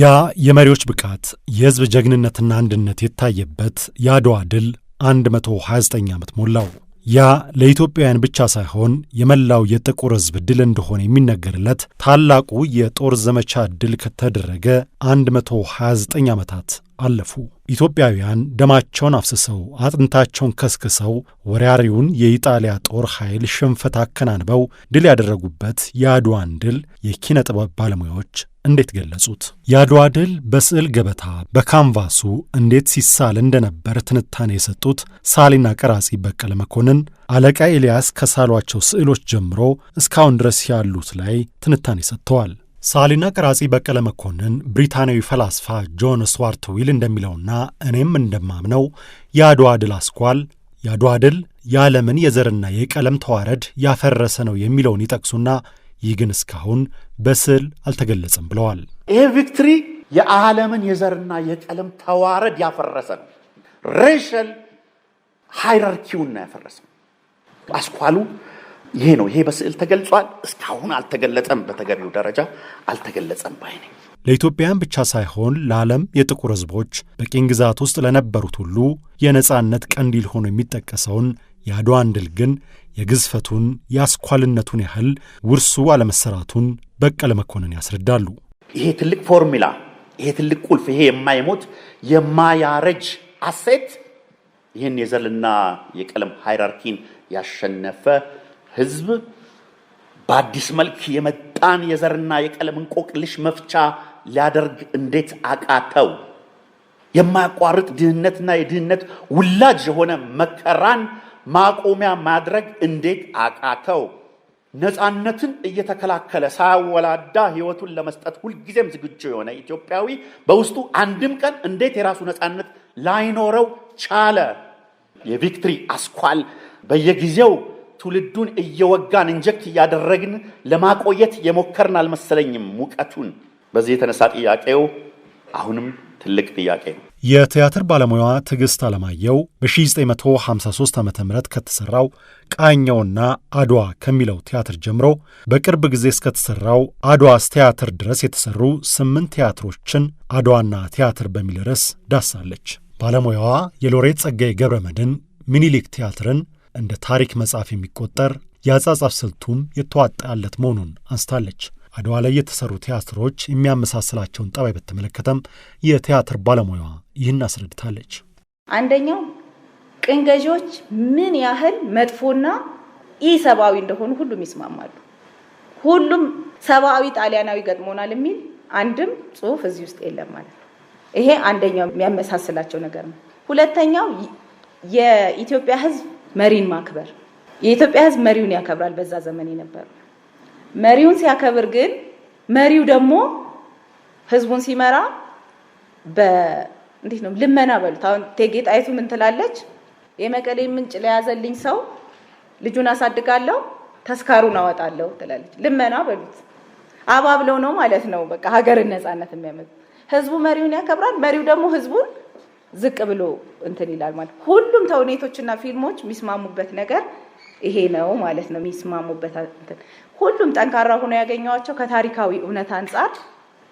ያ የመሪዎች ብቃት የህዝብ ጀግንነትና አንድነት የታየበት የአድዋ ድል 129 ዓመት ሞላው። ያ ለኢትዮጵያውያን ብቻ ሳይሆን የመላው የጥቁር ህዝብ ድል እንደሆነ የሚነገርለት ታላቁ የጦር ዘመቻ ድል ከተደረገ 129 ዓመታት አለፉ። ኢትዮጵያውያን ደማቸውን አፍስሰው አጥንታቸውን ከስክሰው ወራሪውን የኢጣሊያ ጦር ኃይል ሽንፈት አከናንበው ድል ያደረጉበት የአድዋን ድል የኪነ ጥበብ ባለሙያዎች እንዴት ገለጹት? የአድዋ ድል በስዕል ገበታ በካንቫሱ እንዴት ሲሳል እንደነበር ትንታኔ የሰጡት ሳሊና ቀራጺ በቀለ መኮንን አለቃ ኤልያስ ከሳሏቸው ስዕሎች ጀምሮ እስካሁን ድረስ ያሉት ላይ ትንታኔ ሰጥተዋል። ሳሊና ቀራጺ በቀለ መኮንን ብሪታንያዊ ፈላስፋ ጆን ስዋርት ዊል እንደሚለውና እኔም እንደማምነው የአድዋ ድል አስኳል የአድዋ ድል የዓለምን የዘርና የቀለም ተዋረድ ያፈረሰ ነው የሚለውን ይጠቅሱና ይህ ግን እስካሁን በስዕል አልተገለጸም ብለዋል። ይሄ ቪክትሪ የዓለምን የዘርና የቀለም ተዋረድ ያፈረሰ ነው። ሬሽል ሃይራርኪውና ያፈረሰ አስኳሉ ይሄ ነው። ይሄ በስዕል ተገልጿል፣ እስካሁን አልተገለጸም፣ በተገቢው ደረጃ አልተገለጸም ባይ ነኝ። ለኢትዮጵያን ብቻ ሳይሆን ለዓለም የጥቁር ሕዝቦች በቅኝ ግዛት ውስጥ ለነበሩት ሁሉ የነፃነት ቀንዲል ሆኖ የሚጠቀሰውን የአድዋን ድል ግን የግዝፈቱን የአስኳልነቱን ያህል ውርሱ አለመሰራቱን በቀለ መኮንን ያስረዳሉ። ይሄ ትልቅ ፎርሚላ ይሄ ትልቅ ቁልፍ፣ ይሄ የማይሞት የማያረጅ አሴት ይህን የዘርና የቀለም ሃይራርኪን ያሸነፈ ህዝብ በአዲስ መልክ የመጣን የዘርና የቀለም እንቆቅልሽ መፍቻ ሊያደርግ እንዴት አቃተው? የማያቋርጥ ድህነትና የድህነት ውላጅ የሆነ መከራን ማቆሚያ ማድረግ እንዴት አቃተው? ነፃነትን እየተከላከለ ሳያወላዳ ህይወቱን ለመስጠት ሁልጊዜም ዝግጁ የሆነ ኢትዮጵያዊ በውስጡ አንድም ቀን እንዴት የራሱ ነፃነት ላይኖረው ቻለ? የቪክትሪ አስኳል በየጊዜው ትውልዱን እየወጋን እንጀክት እያደረግን ለማቆየት የሞከርን አልመሰለኝም ሙቀቱን። በዚህ የተነሳ ጥያቄው አሁንም ትልቅ ጥያቄ ነው። የቲያትር ባለሙያዋ ትዕግስት አለማየው በ1953 ዓ ም ከተሠራው ቃኛውና አድዋ ከሚለው ቲያትር ጀምሮ በቅርብ ጊዜ እስከተሠራው አድዋስ ቲያትር ድረስ የተሠሩ ስምንት ቲያትሮችን አድዋና ቲያትር በሚል ርዕስ ዳሳለች። ባለሙያዋ የሎሬት ጸጋዬ ገብረ መድን ሚኒሊክ ቲያትርን እንደ ታሪክ መጽሐፍ የሚቆጠር የአጻጻፍ ስልቱም የተዋጣለት መሆኑን አንስታለች። አድዋ ላይ የተሰሩ ቲያትሮች የሚያመሳስላቸውን ጠባይ በተመለከተም የቲያትር ባለሙያዋ ይህን አስረድታለች። አንደኛው ቅኝ ገዢዎች ምን ያህል መጥፎና ኢሰብአዊ እንደሆኑ ሁሉም ይስማማሉ። ሁሉም ሰብአዊ ጣሊያናዊ ገጥሞናል የሚል አንድም ጽሑፍ እዚህ ውስጥ የለም ማለት ነው። ይሄ አንደኛው የሚያመሳስላቸው ነገር ነው። ሁለተኛው የኢትዮጵያ ሕዝብ መሪን ማክበር፣ የኢትዮጵያ ሕዝብ መሪውን ያከብራል። በዛ ዘመን የነበረው መሪውን ሲያከብር ግን መሪው ደግሞ ህዝቡን ሲመራ እንዴት ነው ልመና በሉት። አሁን እቴጌ ጣይቱ ምን ትላለች? የመቀሌ ምንጭ ለያዘልኝ ሰው ልጁን አሳድጋለሁ፣ ተስካሩን አወጣለሁ ትላለች። ልመና በሉት። አባብለው ነው ማለት ነው። በቃ ሀገርን ነፃነት የሚያመጡ ህዝቡ መሪውን ያከብራል፣ መሪው ደግሞ ህዝቡን ዝቅ ብሎ እንትን ይላል ማለት ሁሉም ተውኔቶችና ፊልሞች የሚስማሙበት ነገር ይሄ ነው ማለት ነው የሚስማሙበት። ሁሉም ጠንካራ ሆኖ ያገኘዋቸው ከታሪካዊ እውነት አንጻር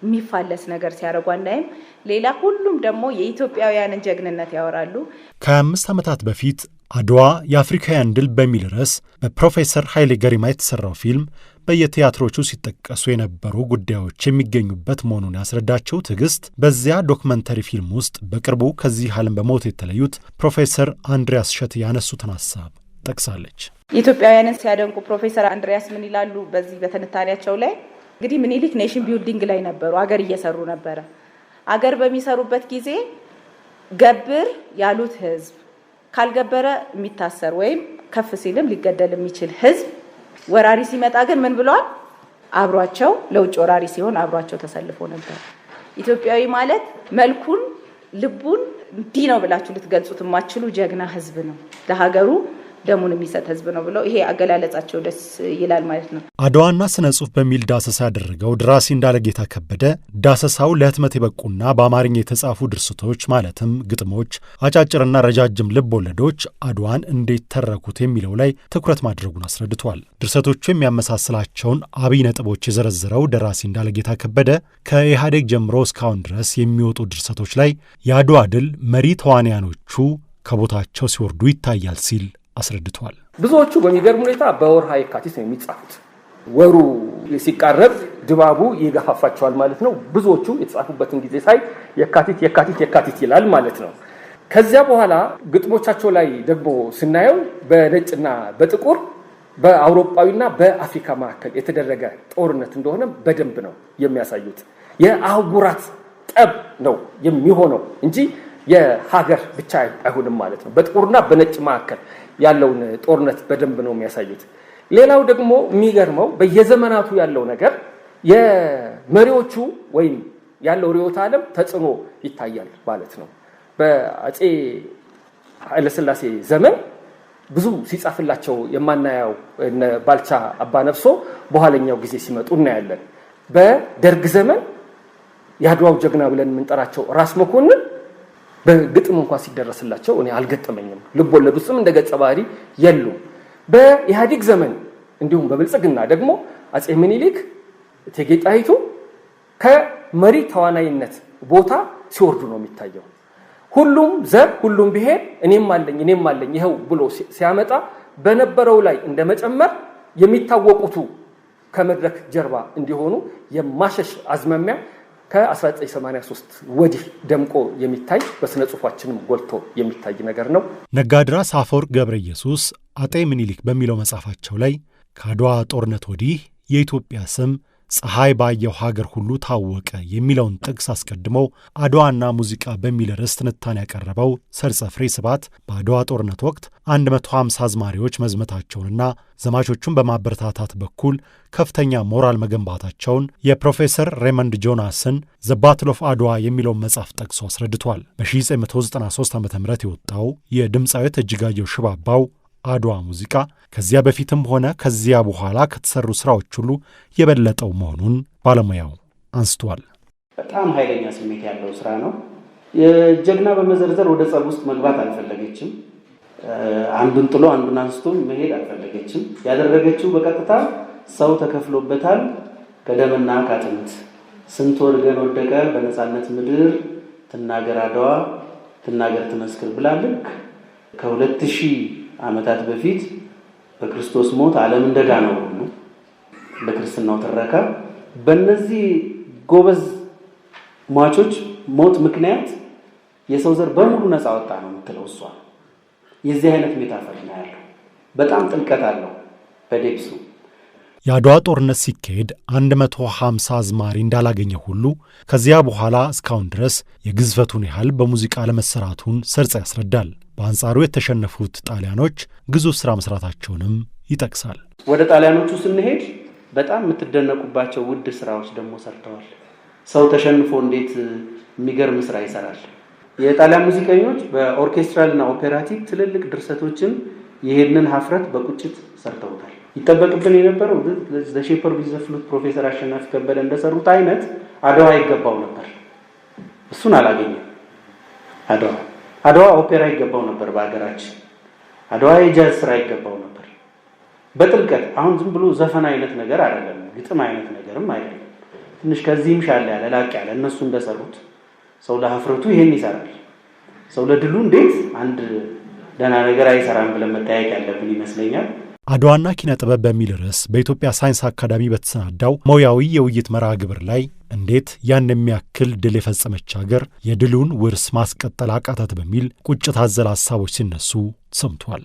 የሚፋለስ ነገር ሲያደርጉ አናይም። ሌላ ሁሉም ደግሞ የኢትዮጵያውያንን ጀግንነት ያወራሉ። ከአምስት ዓመታት በፊት አድዋ የአፍሪካውያን ድል በሚል ርዕስ በፕሮፌሰር ኃይሌ ገሪማ የተሰራው ፊልም በየቲያትሮቹ ሲጠቀሱ የነበሩ ጉዳዮች የሚገኙበት መሆኑን ያስረዳቸው ትዕግስት በዚያ ዶክመንተሪ ፊልም ውስጥ በቅርቡ ከዚህ ዓለም በሞት የተለዩት ፕሮፌሰር አንድሪያስ ሸት ያነሱትን ሀሳብ ጠቅሳለች። ኢትዮጵያውያንን ሲያደንቁ ፕሮፌሰር አንድሪያስ ምን ይላሉ? በዚህ በትንታኔያቸው ላይ እንግዲህ ምኒልክ ኔሽን ቢልዲንግ ላይ ነበሩ፣ አገር እየሰሩ ነበረ። አገር በሚሰሩበት ጊዜ ገብር ያሉት ህዝብ ካልገበረ የሚታሰር ወይም ከፍ ሲልም ሊገደል የሚችል ህዝብ፣ ወራሪ ሲመጣ ግን ምን ብለዋል? አብሯቸው ለውጭ ወራሪ ሲሆን አብሯቸው ተሰልፎ ነበር። ኢትዮጵያዊ ማለት መልኩን ልቡን እንዲህ ነው ብላችሁ ልትገልጹት የማትችሉ ጀግና ህዝብ ነው ለሀገሩ ደሙን የሚሰጥ ህዝብ ነው ብለው ይሄ አገላለጻቸው ደስ ይላል ማለት ነው። አድዋና ስነ ጽሁፍ በሚል ዳሰሳ ያደረገው ደራሲ እንዳለጌታ ከበደ ዳሰሳው ለህትመት የበቁና በአማርኛ የተጻፉ ድርሰቶች ማለትም ግጥሞች፣ አጫጭርና ረጃጅም ልብ ወለዶች አድዋን እንዴት ተረኩት የሚለው ላይ ትኩረት ማድረጉን አስረድቷል። ድርሰቶቹ የሚያመሳስላቸውን አብይ ነጥቦች የዘረዘረው ደራሲ እንዳለጌታ ከበደ ከኢህአዴግ ጀምሮ እስካሁን ድረስ የሚወጡ ድርሰቶች ላይ የአድዋ ድል መሪ ተዋንያኖቹ ከቦታቸው ሲወርዱ ይታያል ሲል አስረድቷል። ብዙዎቹ በሚገርም ሁኔታ በወርሃ የካቲት ነው የሚጻፉት። ወሩ ሲቃረብ ድባቡ ይገፋፋቸዋል ማለት ነው። ብዙዎቹ የተጻፉበትን ጊዜ ሳይ የካቲት የካቲት የካቲት ይላል ማለት ነው። ከዚያ በኋላ ግጥሞቻቸው ላይ ደግሞ ስናየው በነጭና በጥቁር በአውሮፓዊና በአፍሪካ መካከል የተደረገ ጦርነት እንደሆነ በደንብ ነው የሚያሳዩት። የአህጉራት ጠብ ነው የሚሆነው እንጂ የሀገር ብቻ አይሆንም ማለት ነው። በጥቁርና በነጭ መካከል ያለውን ጦርነት በደንብ ነው የሚያሳዩት። ሌላው ደግሞ የሚገርመው በየዘመናቱ ያለው ነገር የመሪዎቹ ወይም ያለው ርዕዮተ ዓለም ተጽዕኖ ይታያል ማለት ነው። በአፄ ኃይለስላሴ ዘመን ብዙ ሲጻፍላቸው የማናየው ባልቻ አባ ነፍሶ በኋለኛው ጊዜ ሲመጡ እናያለን። በደርግ ዘመን የአድዋው ጀግና ብለን የምንጠራቸው ራስ መኮንን በግጥም እንኳን ሲደረስላቸው እኔ አልገጠመኝም። ልቦለድ ውስጥም እንደ ገጸ ባህሪ የሉም። በኢህአዴግ ዘመን እንዲሁም በብልጽግና ደግሞ አጼ ምኒልክ እቴጌ ጣይቱ ከመሪ ተዋናይነት ቦታ ሲወርዱ ነው የሚታየው። ሁሉም ዘር፣ ሁሉም ብሔር እኔም አለኝ እኔም አለኝ ይኸው ብሎ ሲያመጣ በነበረው ላይ እንደ መጨመር የሚታወቁቱ ከመድረክ ጀርባ እንዲሆኑ የማሸሽ አዝማሚያ ከ1983 ወዲህ ደምቆ የሚታይ በሥነ ጽሑፋችንም ጎልቶ የሚታይ ነገር ነው። ነጋድራስ አፈወርቅ ገብረ ኢየሱስ አጤ ምኒልክ በሚለው መጽሐፋቸው ላይ ከአድዋ ጦርነት ወዲህ የኢትዮጵያ ስም ፀሐይ ባየው ሀገር ሁሉ ታወቀ የሚለውን ጥቅስ አስቀድመው አድዋና ሙዚቃ በሚል ርዕስ ትንታኔ ያቀረበው ሰርጸ ፍሬ ስብሐት በአድዋ ጦርነት ወቅት 150 አዝማሪዎች መዝመታቸውንና ዘማቾቹን በማበረታታት በኩል ከፍተኛ ሞራል መገንባታቸውን የፕሮፌሰር ሬመንድ ጆናስን ዘ ባትል ኦፍ አድዋ የሚለውን መጽሐፍ ጠቅሶ አስረድቷል። በ1993 ዓ ም የወጣው የድምፃዊት እጅጋየሁ ሽባባው አድዋ ሙዚቃ ከዚያ በፊትም ሆነ ከዚያ በኋላ ከተሰሩ ስራዎች ሁሉ የበለጠው መሆኑን ባለሙያው አንስቷል። በጣም ኃይለኛ ስሜት ያለው ስራ ነው። ጀግና በመዘርዘር ወደ ጸብ ውስጥ መግባት አልፈለገችም። አንዱን ጥሎ አንዱን አንስቶ መሄድ አልፈለገችም። ያደረገችው በቀጥታ ሰው ተከፍሎበታል ከደምና ከአጥንት ስንት ወርገን ወደቀ በነፃነት ምድር ትናገር አድዋ ትናገር ትመስክር ብላ ልክ ከሁለት ሺህ ዓመታት በፊት በክርስቶስ ሞት ዓለም ነው ሁሉ በክርስትናው ትረካ በእነዚህ ጎበዝ ሟቾች ሞት ምክንያት የሰው ዘር በሙሉ ነፃ ወጣ ነው የምትለው እሷ። የዚህ አይነት ሜታፈር ነው ያለው። በጣም ጥልቀት አለው በዴብሱ። የአድዋ ጦርነት ሲካሄድ 150 አዝማሪ እንዳላገኘ ሁሉ ከዚያ በኋላ እስካሁን ድረስ የግዝፈቱን ያህል በሙዚቃ ለመሰራቱን ሰርጸ ያስረዳል። በአንጻሩ የተሸነፉት ጣሊያኖች ግዙፍ ስራ መስራታቸውንም ይጠቅሳል። ወደ ጣሊያኖቹ ስንሄድ በጣም የምትደነቁባቸው ውድ ስራዎች ደግሞ ሰርተዋል። ሰው ተሸንፎ እንዴት የሚገርም ስራ ይሰራል። የጣሊያን ሙዚቀኞች በኦርኬስትራልና ኦፔራቲቭ ትልልቅ ድርሰቶችን ይህንን ሀፍረት በቁጭት ሰርተውታል። ይጠበቅብን የነበረው ዘሼፐር ቢዘፍሉት ፕሮፌሰር አሸናፊ ከበደ እንደሰሩት አይነት አድዋ ይገባው ነበር። እሱን አላገኘም አድዋ አድዋ ኦፔራ ይገባው ነበር። በሀገራችን አድዋ የጃዝ ስራ ይገባው ነበር በጥልቀት አሁን ዝም ብሎ ዘፈን አይነት ነገር አይደለም፣ ግጥም አይነት ነገርም አይደለም። ትንሽ ከዚህም ሻለ ያለ ላቅ ያለ እነሱ እንደሰሩት ሰው ለሀፍረቱ ይሄን ይሰራል። ሰው ለድሉ እንዴት አንድ ደህና ነገር አይሰራም ብለን መጠያየቅ ያለብን ይመስለኛል። አድዋና ኪነ ጥበብ በሚል ርዕስ በኢትዮጵያ ሳይንስ አካዳሚ በተሰናዳው ሙያዊ የውይይት መርሃ ግብር ላይ እንዴት ያን የሚያክል ድል የፈጸመች አገር የድሉን ውርስ ማስቀጠል አቃታት በሚል ቁጭት አዘል ሀሳቦች ሲነሱ ሰምቷል።